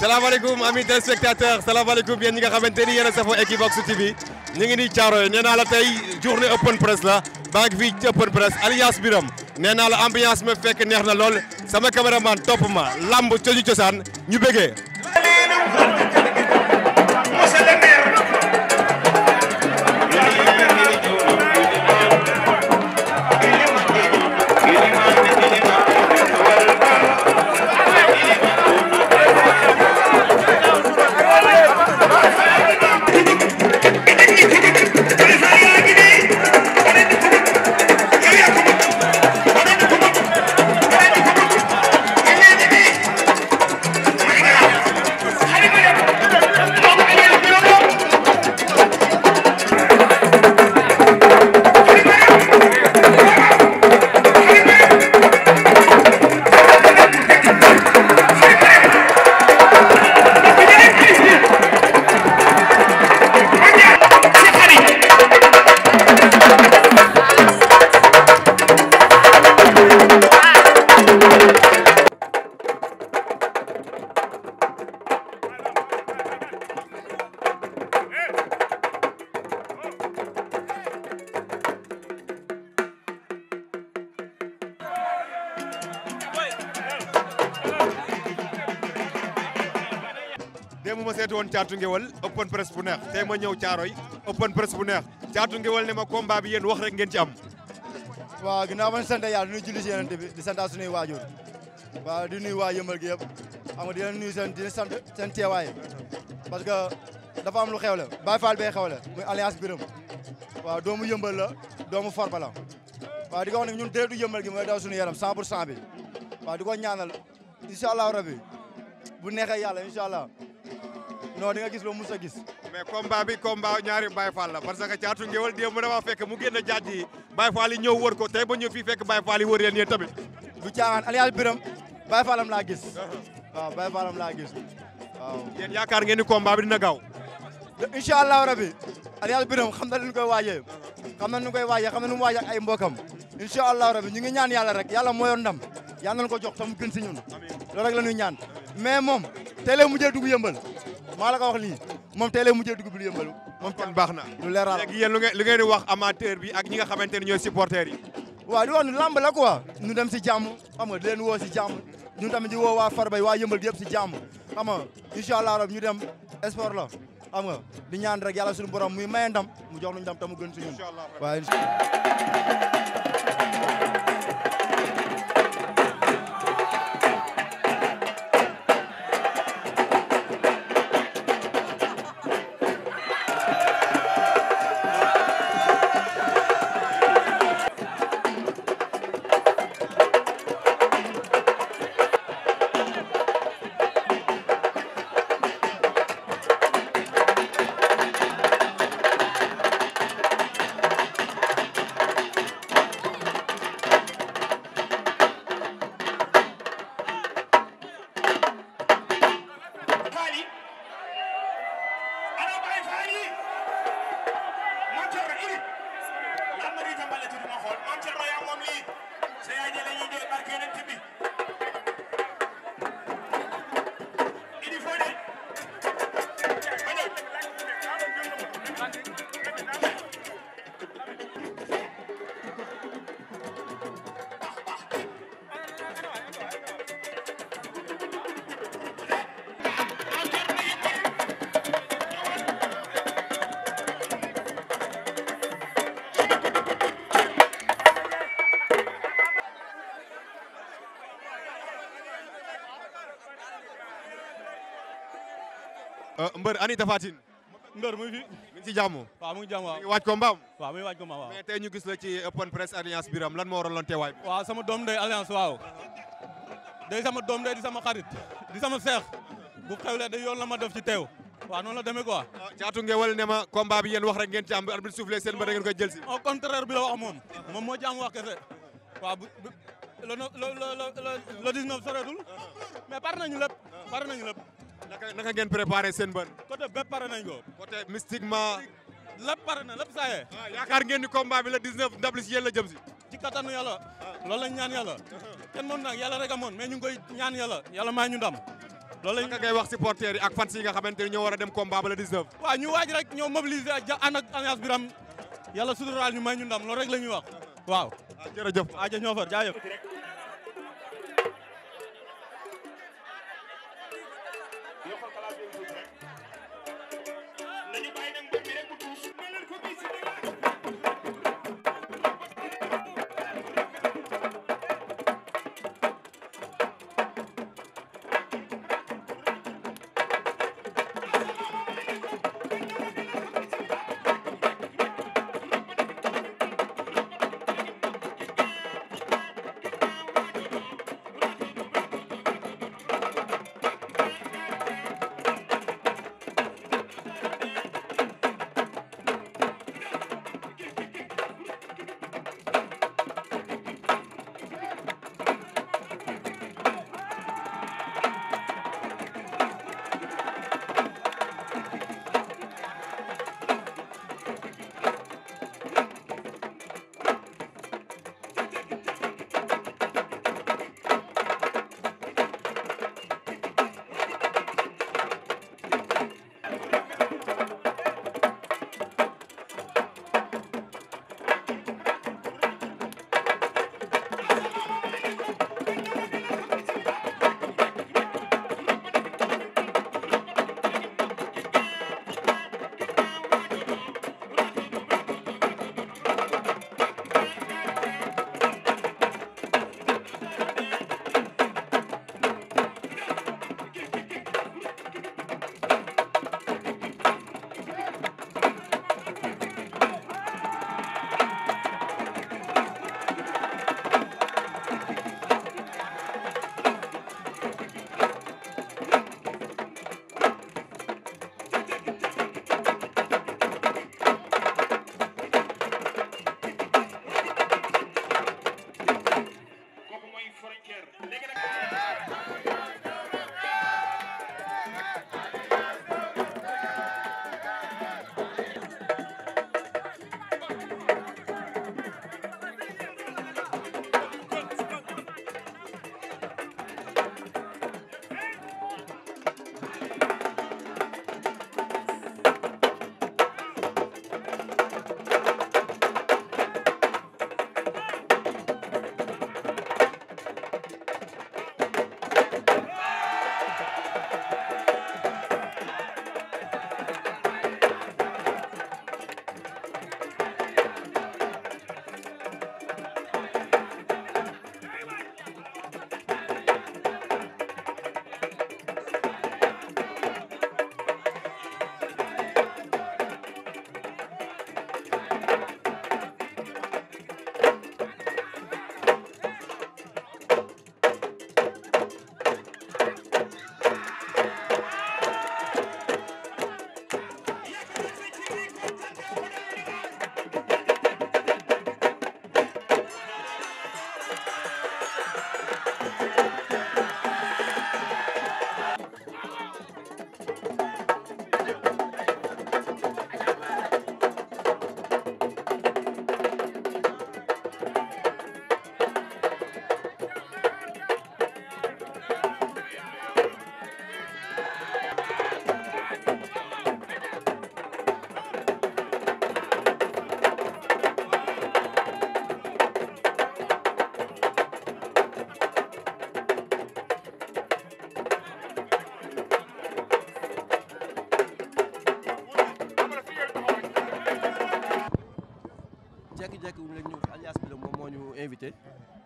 salaamaaleykum amis téléspectateurs salaamaaleykum yéen ñi nga xamante ni yéen a safoo Equivox TV ñu ngi nii Thiaroye nee naa la tey journée open press la baa ngi fii ci open press alliance biram nee naa la ambiance ma fekk neex na lool sama caméraman topp ma lamb coñu cosaan ñu bëggee démb ma seeti woon caatu ngewal open press bu neex tey ñëw caaroy open press bu neex caatu ne ma combat bi yéen wax rek ngeen ci am. waaw ginnaaw ma sant yàlla nuyu julli si yeneen bi di sant suñuy waajur waaw di nuyu waa yëmbal gi yëpp xam nga di leen nuyu seen di sant teewaay parce que dafa am lu xew la Baye Fall bee xew la muy alliance biram waaw doomu yëmbal la doomu Farba la waaw di ko wax ne ñun déretu yëmbal gi mooy daw suñu yaram 100 pour 100 bi waaw di ko ñaanal incha yàlla incha non di nga gis loo mus sa gis mais combat bi combat ñaari Baye Fall la parce que caatu ngéwal démb dama fekk mu génn jaaj yi Baye Fall yi wër ko tey ba ñëw fii fekk Baye Fall yi wër yéen yéen tamit du caaxaan alias Biram Baye Fallam laa gis uh-huh. waaw Baye Fallam laa gis waaw yéen yaakaar ngeen ni combat bi dina gaaw incha allahu rabi alias Biram xam na lu ñu koy waajee xam na nu koy waajee xam na nu mu waajee ak ay mbokam incha allahu rabi ñu ngi ñaan yàlla rek yàlla moo yor ndam yàlla ko jox tam gën si ñun loolu rek la ñuy mais moom tey la dugg yëmbal maa la ko wax nii moom tey lay mujjee dugub bi yëmbalu baax na lu leer léegi yéen lu ngeen lu ngeen bi ak ñi nga xamante ne ñooy supporters yi waaw di wax nu lamb la quoi ñu dem si jàmm xam nga di leen woo si jàmm ñu tamit di woo waa Farbay waa yëmbal gi yëpp si jàmm xam nga incha allah rab ñu dem sport la xam nga di ñaan rek yàlla suñu borom muy maye ndam mu jox nu ndam te mu gën suñu waaw mbër ani tafatin mbër mu ngi fi mi ngi ci jàmm waaw mu ngi jàmm waaw waaj ko mbaam waaw mu ngi waaj ko mbaam waaw mais tey ñu gis la ci open press alliance biram lan moo waraloon teewaay bi sama doom day alliance waaw day sama doom day di sama xarit di sama seex bu xewlee day yoon la ma def ci teew waaw noonu la demee quoi caatu ah, nge wal ne ma bi yéen wax ngeen ci am arbitre soufflé seen mbër ngeen koy jël si au contraire bi moom moom moo ci am wax naka naka ngeen préparé seen bën. côté bépp pare nañ ko. côté mystiquement. lépp na lépp saa yee. waaw ah, yaakaar ngeen ni combat bi la 19 ndab li si yéen la jëm si. ci kattanu ah. ñaan yàlla. Uh-huh. kenn moom nag yàlla rek a moon mais ñu ngi koy ñaan yàlla yàlla maa ñu ndam. loolu lañ naka ngay wax supporters yi ak fans yi nga xamante ni ñoo war a dem combat ba la 19. waaw ñu waaj rek ñoo mobiliser ak ja ànd ak alliance Birame yàlla suturaal ñu may ñu ndam loolu rek la ñuy wax uh-huh. waaw. Ah, jërëjëf Adja Niofar jaajëf.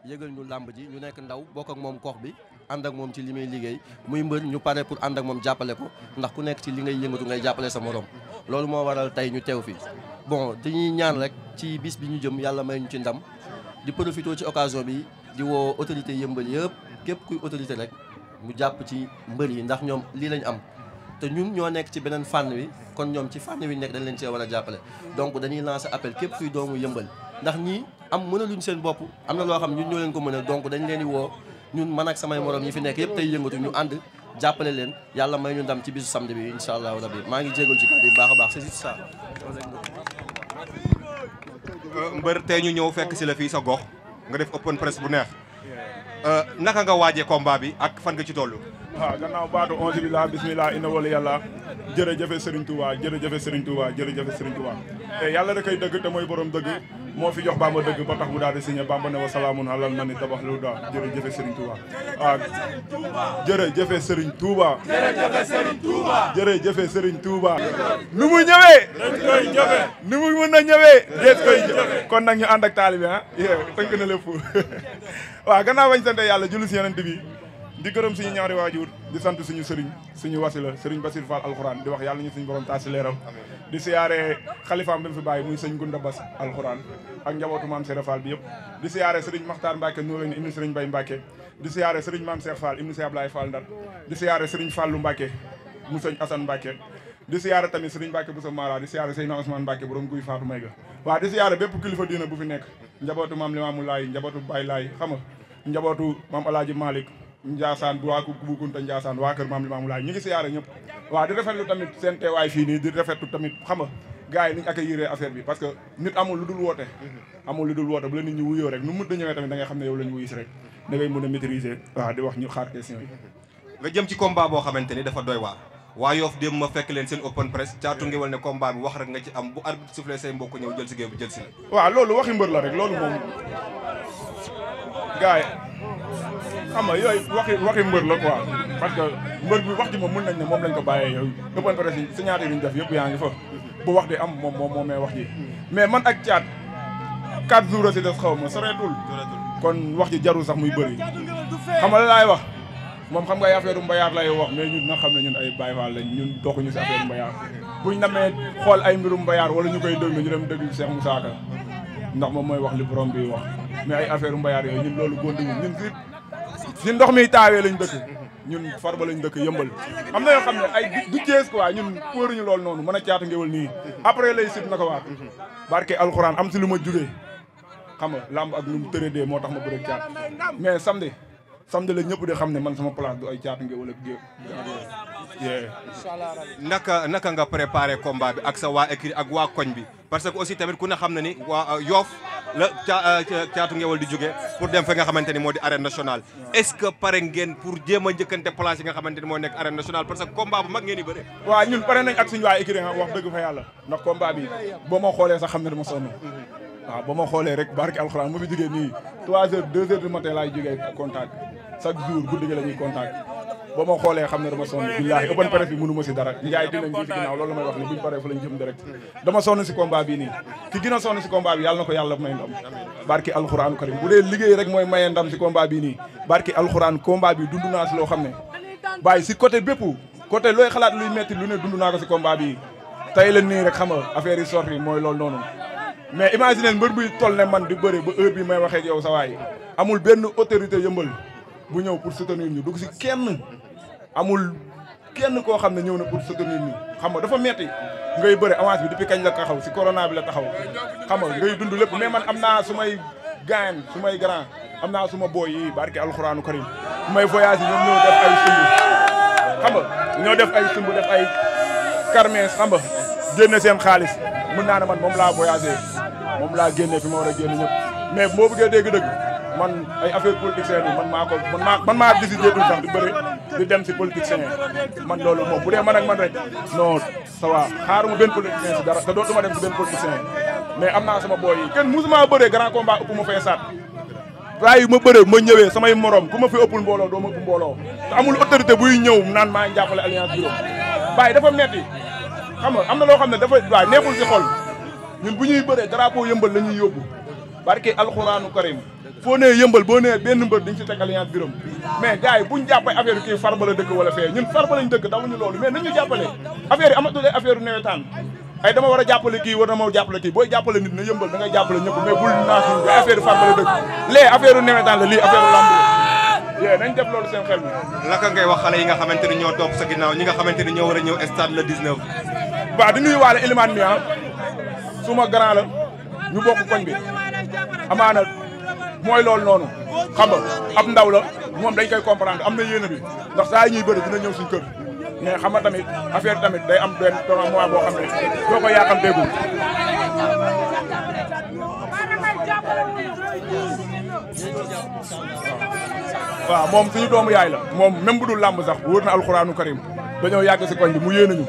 yëgal ñu làmb ji ñu nekk ndaw bokk ak moom koox bi ànd ak moom ci li muy liggéey muy mbër ñu pare pour ànd ak moom jàppale ko ndax ku nekk ci li ngay yëngatu ngay jàppale sa morom loolu moo waral tey ñu teew fii bon dañuy ñaan rek ci bis bi ñu jëm yàlla may ñu ci ndam di profité ci occasion bi di woo autorité yëmbal yëpp képp kuy autorité rek mu jàpp ci mbër yi ndax ñoom lii lañ am te ñun ñoo nekk ci beneen fànn wi kon ñoom ci fànn wi nekk dañ leen cee war a jàppale donc dañuy lancer appel képp kuy doomu yëmbal am mënaluñ seen bopp am na loo xam ñun ñoo leen ko mën a donc dañ leen di woo ñun man ak samay morom ñi fi nekk yëpp tey yëngatu ñu ànd jàppale leen yàlla may ñu ndam ci bisu samedi bi incha allahu rabbi maa ngi jégal ci kàddu yi baax a baax c'est juste euh, mbër tey ñu ñëw fekk si la fii sa gox nga def open press bu neex euh, naka nga waajee combat bi ak fan nga ci toll. waaw gannaaw baatu onze billah bismillah inna wala yàlla jërëjëfe Serigne Touba jërëjëfe Serigne Touba jërëjëfe Serigne Touba te eh, yàlla da koy dëgg te mooy borom dëgg moo fi jox Bamba dëgg ba tax bu daal di signé Bamba ne wa salaamun alal man tabax lu daa jërëjëfe Serigne Touba ah jërëjëfe Serigne Touba jërëjëfe Serigne Touba jërëjëfe Serigne Touba nu mu ñëwee dañ koy jëfe nu mu mën a ñëwee dees koy jëfe kon nag ñu ànd ak taalibi ah tënk na lépp waaw gannaaw bañ sante yàlla julli si yonent bi di gërëm suñu ñaari waajur di sant suñu sëriñ suñu wasila sëriñ Basir Fall alxuraan di wax yàlla ñu suñu borom taas si leeram di siyaare xalifaam bi mu fi bàyyi muy sëñ Gunda Bas alxuraan ak njabootu maam Sera Fall bi yëpp di siyaare sëriñ Maxtaar Mbacke noo leen ibnu sëriñ Mbay Mbacke di siyaare sëriñ maam Seex Fall ibnu Seex Ablaay Fall Ndar di siyaare sëriñ Fallu Mbacke mu sëñ Asan Mbacke di siyaare tamit sëriñ Mbacke Bousso Mara di di siyaare Laay njabootu Baay Laay xam nga njabootu Ndiassane bu waa Koungheul Koungheul te Ndiassane waa kër maam Limaamu Laay ñu ngi siyaare ñëpp waaw di rafetlu tamit seen teewaay fii nii di rafetlu tamit xam nga gars yi niñ accueillir bi parce que nit amul lu dul woote mhm. amul lu dul woote bu la nit ñi wuyoo rek nu mu mën a tamit da xam ne yow la ñu rek da ngay a maîtriser waaw di wax ñu xaar question yi nga jëm ci combat boo xamante ni dafa doy waar waa Yoff démb ma fekk leen seen open press caatu ngi wal ne combat bi wax rek nga ci am bu xam nga yooyu waxi waxi mbër la quoi parce que mbër bi wax ji moom mën nañ ne moom lañ ko bàyyee yooyu ëppan presse yi signature yi ñu def yëpp yaa ngi fa bu wax di am moom moom moomee wax ji mais man ak caat quatre jours si des xaw ma soreetul kon wax ji jarul sax muy bëri xam nga la laay wax moom xam nga ay affaire mbayaar lay wax mais ñun nga xam ne ñun ay Baay Faal la ñun doxuñu si affaire mbayaar buñ namee xool ay mbirum mbayaar wala ñu koy déglu ñu dem déglu Cheikh Moussa Ka ndax moom mooy wax li borom bi wax mais ay affaire mbayaar yooyu ñun loolu góondiwul ñun si ndox mi taawee lañ dëkk ñun farba lañ dëkk yëmbal am na yoo xam ne ay du jees quoi ñun wóoruñu loolu noonu mën a caatu ngewal nii après lay sib na ko waat barke alxuraan am si lu ma jugee xam nga làmb ak lu mu tëradee moo tax ma bëre caat mais samedi samedi la ñëpp di xam ne man sama place du ay caatu ngewal ak géew naka naka nga préparé combat bi ak sa waa écrit ak waa koñ bi parce que aussi tamit ku na xam na ni waa euh, Yoff la euh, ca caatu ngewal di jóge pour dem fa nga xamante ni moo di arène nationale est-ce que pare ngeen pour jéem a a place nga xamante ni moo nekk arène nationale parce que combat bu mag ngeen di bëre waaw ñun pare nañ ak suñu waa écrit wax dëgg fa yàlla ndax combat bi boo ma xoolee sax xam ne dama sonn mm-hmm. waaw ba ma xoolee rek barke alxuraan mu fi jógee nii trois heures deux heures du matin laay boo ma xoolee xam ne dama sonn billaahi open press bi mënu ma si dara njaay dinañ ci ginnaaw loolu may wax ne buñ paree fa lañ jëm direct dama si combat bi nii ki gën a sonn si combat bi yàlla na ko yàlla may ndam barki alxuraanu karim bu dee liggéey rek mooy mayee ndam si combat bi nii barki alxuraan combat bi dund naa loo xam ne bàyyi si côté bépp côté looy xalaat luy metti lu ne dund naa ko si combat bi tey la nii rek xam nga affaire yi sorti mooy loolu noonu mais imagine mbër buy toll ne man di bëre ba heure bi may waxee yow sa waay amul benn autorité yëmbal bu ñëw pour soutenir ñu dugg si kenn amul kenn koo xam ne ñëw na pour soutenir ñu xam nga dafa metti ngay bëri avance bi depuis kañ la taxaw si corona bi la taxaw xam nga ngay dund lépp mais man am naa su may gaan su may grand am naa suma booy yi barke alxuraanu karim su may voyage yi ñoom ñoo def ay sumb xam nga ñoo def ay sumb def ay kermesse xam nga génne seen xaalis mun naa ne man moom laa voyagé moom laa génne fi ma war a génne ñëpp mais boo bëggee dégg-dëgg man ay affaire politicien man maa ko man maa man maa décidé duñ sax di bëri di dem si politicien man loolu moom bu dee man man rek non ça va xaaruma benn politicien si dara te dem si benn politicien mais am naa sama booy yi kenn a bëree grand combat ëpp ma fee saat raay ma bëree ma ñëwee samay morom ku ma fi ëppul mbooloo doo ma ëpp mbooloo te amul autorité buy ñëw naan maa ngi jàppale alliance bureau bàyyi dafa meti xam nga am na loo xam ne dafa waaw neexul si xol ñun bu ñuy bëree drapeau yëmbal la ñuy yóbbu barke alxuraanu karim foo nee yëmbal boo nee benn mbër diñ ci teg alliance biram mais gars yi buñ jàppee kii farba dëkk wala fee ñun farba dëkk dawuñu loolu mais nañu jàppale affaire yi amatul ay affaire yu ay dama war a jàppale kii war dama jàppale kii booy jàppale nit na yëmbal da ngay jàppale ñëpp mais bul naasuñ ba affaire farba dëkk lee affaire yu la lii affaire yu yee nañ def loolu mi naka ngay wax xale yi nga xamante ni ñoo topp sa ginnaaw ñi nga xamante ni ñoo a ñëw stade le 19 waaw di nuyu ah. ñu bokk koñ bi amaana mooy loolu noonu xam ab ndaw la moom dañ koy comprendre am na yéene bi ndax saa yi ñuy bëri dina ñëw suñu kër mais xam nga tamit affaire tamit day am benn tono moment boo xam ne doo ko moom suñu doomu yaay la moom même bu dul làmb sax wóor na alxuraanu karim dañoo yàgg si koñ bi mu yéene ñu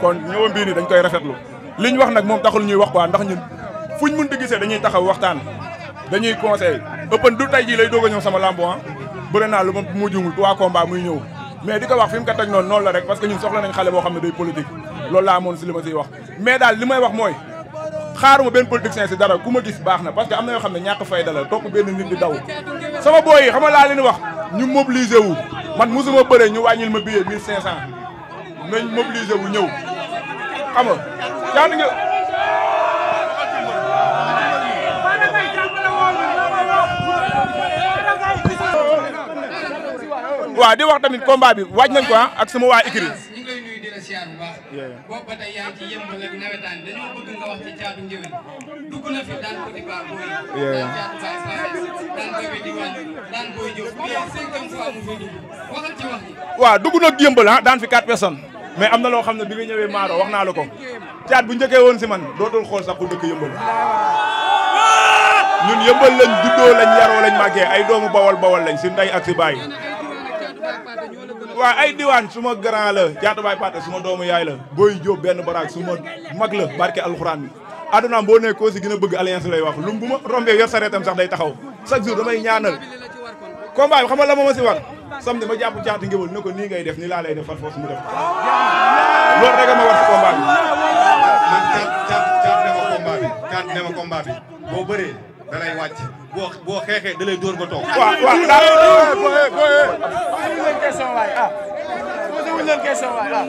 kon ñëwam bii nii dañ koy rafetlu liñ wax nag moom taxul ñuy wax quoi ndax ñun fuñ mën di gisee dañuy taxaw waxtaan dañuy conseil ëppan du tey jii lay doog a ñëw sama lambo ah bëre lu ma mu jungul trois combats muy ñëw mais di ko wax fi mu ko toj noonu noonu la rek parce ñun soxla nañ xale boo xam ne day politique loolu laa amoon si li ma siy wax mais daal li may wax mooy xaaruma benn politicien si dara ku ma gis baax na parce que am na yoo xam ne ñàkk fayda la topp benn nit di daw sama booy xam nga laa wax ñu mobiliser wu man mosuma bëre ñu wàññil ma billet 1500 nañ waaw di wax tamit combat bi waaj nañ ah, ak sama waa écrit siyaar bu baax boobu ba tey dugg na fi daan daan fi dugg waxal ci ah, mais am na loo xam ne bi nga ñëwee maaro wax naa la ko caat bu njëkkee woon si man dootul xool sax ku dëkk yëmbal ñun yëmbal lañ juddoo lañ yaroo lañ màggee ay doomu bawol bawol lañ si ndey ak si baay waa ay diwaan su ma grand la jaatu baay paate su ma doomu yaay la booy jóob benn baraag su ma mag la barke alxuraan bi adunaam boo nekk koo si gën a bëgg alliance lay wax lu bu ma rombee yor sareetam sax day taxaw chaque jour damay ñaanal combat bi xam nga la ma ma si war samedi ma jàpp caati ngéwal ne ko nii ngay def ni laa lay def far force mu def loolu rek ma war si combat bi boo bëree da lay wàcc boo boo xeexee da lay dóor nga toog. waaw waaw daa booyee booyee. posé leen question waay ah. posé wuñ leen question waay ah.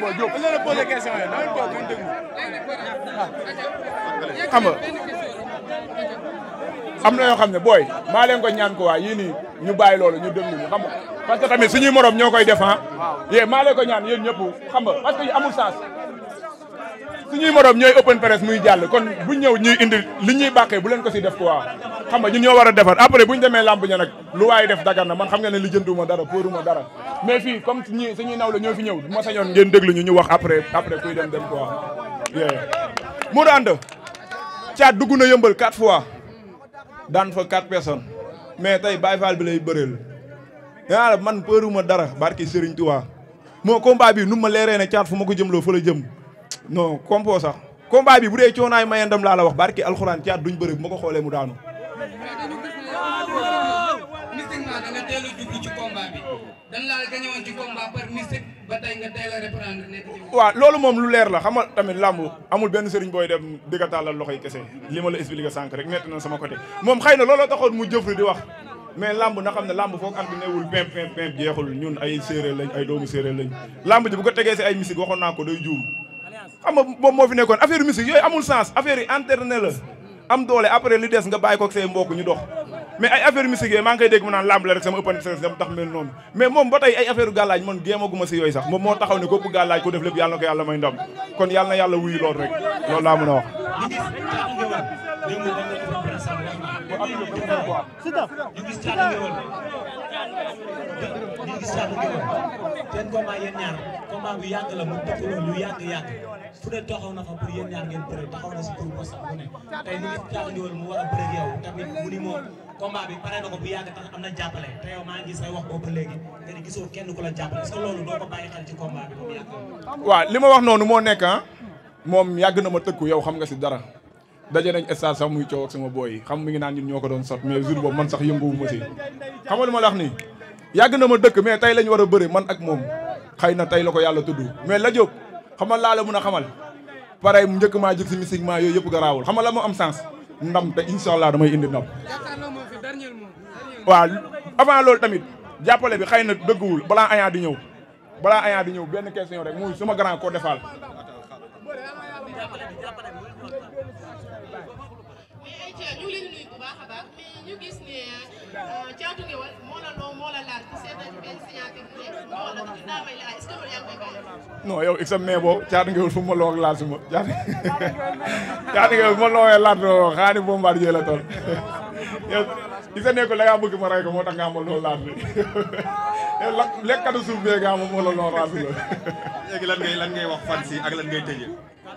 bon Diop dañ leen a posé question yooyu da ngeen toog ngeen déglu ah. xam nga am na yoo xam ne booy maa leen ko ñaan ko waay yii nii ñu bàyyi loolu ñu déglu ñu xam nga parce que tamit suñuy morom ñoo koy def ah. waaw yee maa leen ko ñaan yéen ñëpp xam nga parce que amul sens. suñuy morom ñooy open press muy jàll kon bu ñëw ñuy indi li ñuy bàqee bu leen ko si def quoi xam nga ñun ñoo war a defar après bu ñu demee làmb ña nag lu waaye def dagar na man xam nga ne li jënduma dara póoruma dara mais fii comme ñi suñuy naw la ñoo fi ñëw bu ma sañoon ngeen déglu ñu ñu wax après après kuy dem dem quoi yee mu ànd caat dugg na yëmbal quatre fois daan fa quatre personnes mais tey Baye Fall bi lay bëreel yaa la man póoruma dara barki Serigne Touba moo combat bi nu ma leeree ne caat fu ma ko jëmloo fa la jëm no compo sax combat bi bu dee coonaay mayandam laa la wax barki alxuraan caat duñ bëri bu ma ko xoolee mu daanu. mystiquement loolu moom lu leer la xam nga tamit làmb amul benn sëriñ booy dem dëgg tàllal loxoy kese li ma la expliqué sànq rek métti na sama côté moom xëy na looloo taxoon mu jëfru di wax. mais lamb na xam ne lamb foog am bi newul pimp pimp jeexul ñun ay séeréer lañ ay doomu séeréer lañ lamb ji bu ko tegee si ay misik waxoon ko day juum xam nga moom moo fi nekkoon affaire musique yooyu amul sens affaire yi interne la am doole après li des nga bàyyi ko say mbokk ñu dox mais ay affaire musique yooyu maa ngi koy dégg mu naan lamb la rek sama ëppandi stress tax mel noonu mais moom ba tey ay affaire gàllaaj man géemaguma si yooyu sax moom moo taxaw ne képp gàllaaj ko def lépp yàlla ko yàlla may ndam kon yàlla na yàlla wuyu loolu rek loolu a wax la mu tëkkaloo lu yàgg yàgg fu ne taxaw na fa pour yéen ñaar ngeen bëre taxaw na si pour ko sax mu ne tey ñu gis Thiatou Nguéweul mu war a bëre tamit mu ni moom combat bi pare na ko wax boobu ba léegi gisoo kenn ku la jàppale est ko waaw li ma wax noonu moo nekk ah, moom yàgg na ma tëkku yow xam nga si dara daje nañ stade sax muy coow ak sama booy yi xam mi ngi naan ñun ñoo ko doon sot mais jour boobu man sax yënguwu ma si xam nga lu ma la wax nii yàgg na ma dëkk mais tey lañ war a bëri man ak moom xëy na tey la ko yàlla tudd mais la jóg xamal laa la mën a xamal pare njëkk maa jëg si musique maa yooyu yëpp garaawul xamal la moo am sens ndam te incha allah damay indi ndam waaw avant loolu tamit jàppale bi xëy na dëgguwul balaa añaa di ñëw balaa añaa di ñëw benn question rek muy suma grand ko defal non yow it sa mais boo caatu ngewul fu ma loo laal suma caatu caatu ngewul fu ma looyee laat xaani bombardier la toll ki sa nekkul da ngaa bëgg ma rey moo tax nga amal loolu laaj bi lekkatu suuf bee nga amal moo la lool raadu la. léegi lan ngay wax fan si ak lan ngay tëjee.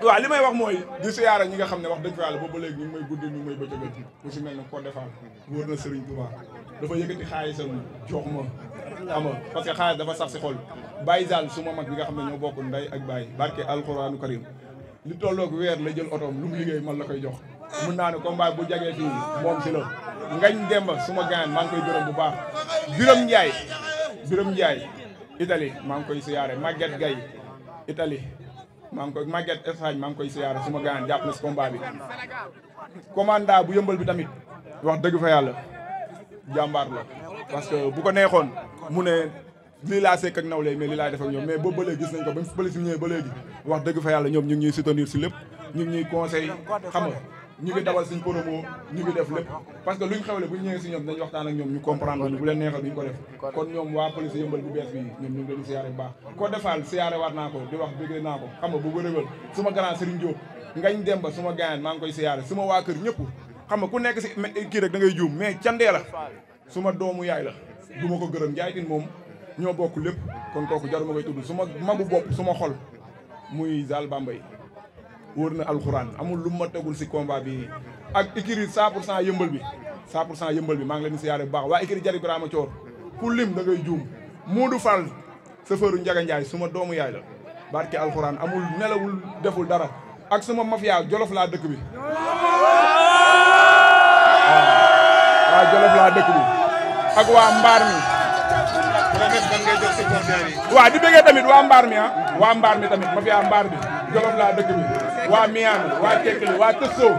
waaw li may wax mooy di siyaara ñi nga xam ne wax dëgg fa yàlla boobu ba léegi ñu ngi may guddi ñu ngi may bëccëgal ku si mel ne ko defal wóor na Serigne Touba dafa yëkkati xaalisam jox ma xam nga parce que xaalis dafa sax si xol Baye Zal su ma mag bi nga xam ne ñoo bokk nday ak Baye barke alquranu karim li tolloog weer la jël otoom lu mu liggéey man koy jox mun naa ne combat bu jagee fii moom si la ngañ demba suma gaan maa koy gërëm bu baax Biram Ndiaye Biram Ndiaye itali maa ngi koy siyaare Maguette Gaye itali maa ngi koy magget Espagne maa ngi koy siyaare suma gaan jàpp na si combat bi commanda bu yëmbal bi tamit wax dëgg fa yàlla jàmbaar la parce que bu ko neexoon mu ne lii laa sekk ak nawle mais lii laay def ak ñoom ba léegi gis nañ ko ba mu si ñëwee ba léegi wax dëgg fa yàlla ñoom ñu ñuy soutenir lépp ñu ngi ñuy conseil xam nga ñu ngi dawal suñ promo ñu ngi def lépp parce que luñ xewle bu ñu ñëwee si ñoom dañuy waxtaan ak ñoom ñu comprendre ñu bu leen neexal duñ ko def kon ñoom waa police yëmbal bu bees bi ñoom ñu ngi leen di siyaare bu baax ko defaal siyaare waat naa ko di wax bëgg naa ko xam nga bu wërëwal suma grand Serigne Diop ngañ dem ba suma gaañaan maa koy siyaare suma waa kër ñëpp xam nga ku nekk si kii rek da ngay juum mais candee la suma doomu yaay la du ma ko gërëm njaay tin moom ñoo bokk lépp kon kooku jaruma koy tudd suma magu bopp suma xol muy Zal Bambay wóor na alxuraan amul lu ma tegul si combat bi ak ikiri 100 pour cent yëmbal bi 100 pour cent yëmbal bi maa ngi leen di siyaare bu baax waa ikiri jari Birama Coor ku lim da ngay juum Moodu Fall sëfëru Njaga Njaay suma doomu yaay la barke alxuraan amul nelawul deful dara ak suma mafia jolof laa dëkk bi waa jolof laa dëkk bi ak waa mbaar mi waa di bëggee tamit waa mbaar mi ah waa mbaar mi tamit mafia mbaar bi jolof laa dëkk bi waa Miami waa Tekele waa Tësso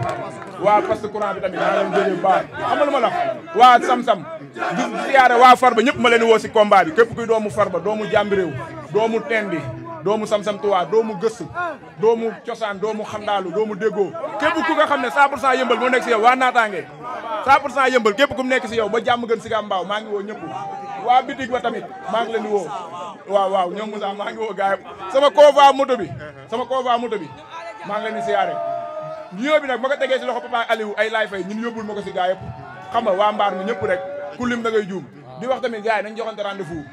waa poste courant bi tamit maa leen ma la waa Sam-Sam di siyaare waa ba ñëpp ma leen woo si combat bi képp kuy doomu Farba doomu jàmbi réew doomu Tendi doomu Sam-Sam Touba doomu gëstu doomu cosaan doomu xandaalu doomu déggoo képp ku nga xam ne 100 pour cent moo nekk si waa naataange 100 pour cent yëmbal képp ku mu nekk si yow ba jàmm gën si gàmbaaw maa ngi woo ñëpp waa bitig ba tamit maa ngi leen di woo waaw waaw ñoom Moussa sama convoi moto bi sama convoi moto bi maa ngi si di siyaare nuyoo bi nag ko tegee si loxo papa Aliou ay laay fay ñun yóbbul ma ko si gaa yëpp xam nga waa mbaar mi ñëpp rek ku lim da ngay juum di wax tamit gars yi nañ joxante rendez-vous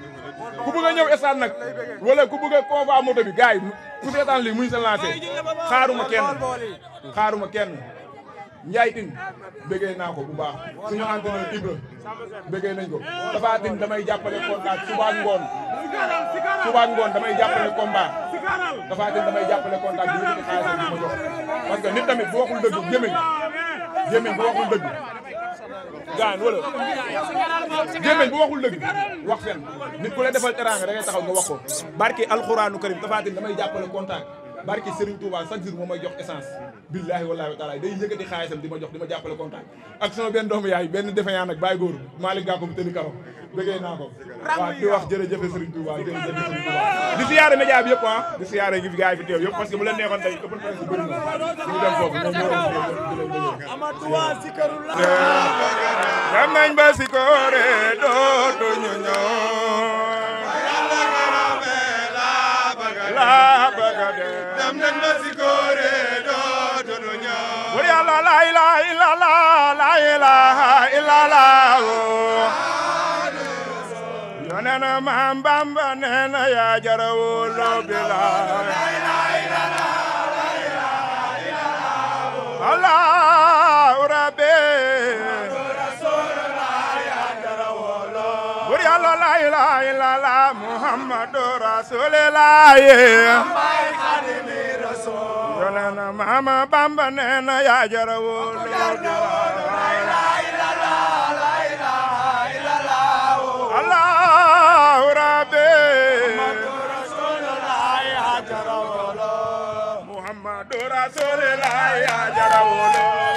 ku bëgg a ñëw stade nag wala ku bëgg a convoi moto bi gars yi ku seetaan lii muy sa lancé xaaruma kenn xaaruma kenn Ndiaye Tine bëggee naa ko bu baax suñu entraîneur Ibra bëggee nañ ko Tapha Tine damay jàppale combat suba ngoon suba ngoon damay jàppale combat Tapha Tine damay jàppale combat di yëkkati xaalis bi ma jox parce nit tamit bu waxul dëgg gémmiñ gémmiñ bu waxul dëgg gaan wala gémmiñ bu waxul dëgg wax fen nit ku la defal teraanga da ngay taxaw nga wax ko barke alxuraanu karim Tapha damay jàppale contact barki Serigne Touba chaque jour moom may jox essence billaahi wallaahi wa taala day yëkkati xaalisam di ma jox di ma jàppale kontaan ak sama benn doomu yaay benn defe yaa nag góor Malick Gakou bi tëdd karo bëggee naa ko waaw di wax jërëjëf Serigne Touba jërëjëf Serigne di siyaare média bi yëpp ah di siyaare gi gars yi fi teew yëpp parce que bu leen neexoon tey ëpp na bëri na ñu dem foofu dem nañ ba abada dem nañ ba si koore dootuñu ñaaw wër yàlla la ilaha illallah la ilaha illallah yo nee na maam Bamba nee na yaa jarawu law bi la allah rabbi yàlla la ilaha illallah muhammadu rasulillah bay xadimi rasul yone na maama bamba nee na yaa jara wóolu Muhammadu rasulillah yaa jara wóolu